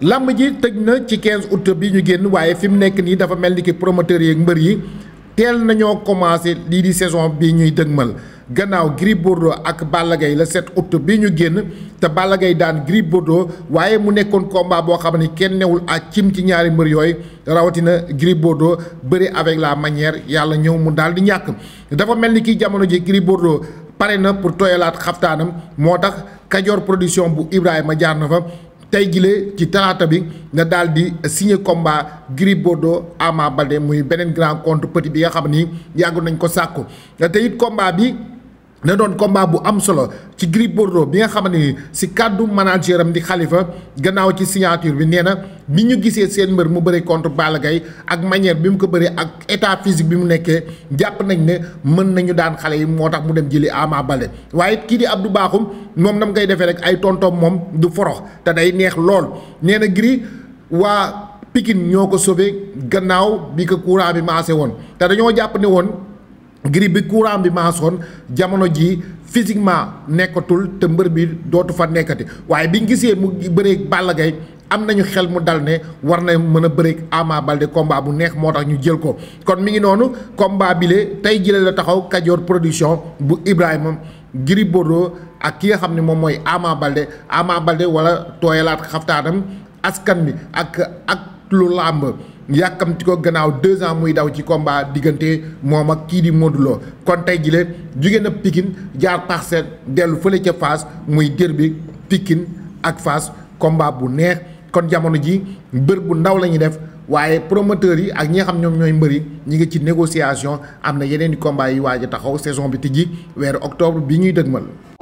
làmb ji tëj na ci 15 août bi ñu génn waaye fi mu nekk nii dafa mel ni ki promoteurs yeeg mbër yi teel nañoo commencé lii di saison bi ñuy dëgmal gannaaw Gris Bordeaux ak Balla Gaye la 7 août bi ñu génn te Balla Gaye daan Gris Bordeaux waaye mu nekkoon combat boo xam ni kenn newul ak cim ci ñaari mbër yooy rawatina Gris Bordeaux bëri avec la manière yàlla ñëw mu daal di ñàkk dafa mel ni ki jamono ji Gris Bordeaux pare na pour tooyalaat xaftaanam moo tax Kajoor production bu Ibrahima jaar na fa tey jile ci talaata bi nga daal di signé combat Gris Bordeaux Ama Baldé muy beneen grand contre bi nga xam ni yàggu nañ ko sàkku te it combat bi. ne doon combat bu am solo ci Gris Bordeaux bi nga xamal ne si kàddu manager am di xalifa gannaaw ci signature bi nee na bi ñu gisee seen mbër mu bëri contre Balla Gaye ak manière bi mu ko bëree ak état physique bi mu nekkee jàpp nañ ne mën nañu daan xale yi moo tax mu dem jëli Ama Baldé waaye kii di ab Abdou Bakhoum moom nam ngay defee rek ay tontoom moom du forox te day neex lool nee na Gris waa Pikine ñoo ko sauvé gannaaw bi ko courant bi maase woon te dañoo jàpp ne woon. Gris bi courant bi maasoon jamono ji physiquement nekkatul te mbër bi dootu fa nekkati waaye biñ gisee mu bëreeg Balla Gaye am nañu xel mu dal ne war na mën a bëreeg Ama Baldé bu neex moo tax ñu jël ko kon mi ngi noonu combat bi tey jëlee la taxaw Kajoor production bu Ibrahima Gris Bordeaux ak ki nga xam ne moom mooy Ama Baldé Ama Baldé wala tooyalaat xaftaanam askan bi ak ak lu làmb yàkkamti ko gannaaw deux ans muy daw ci combat diggante moom ak kii di Modou kon tey jile jugee a Pikine jaar Parcelles dellu fële ca Fass muy dër bi ak fas combat bu neex kon jamono ji bër bu ndaw la ñuy def waaye promoteurs yi ak ñi nga xam ñoom ñooy mbëri ñu ngi ci négociation am na yeneen i combat yi waaj a taxaw saison bi tijji weer octobre bi ñuy dëgmal.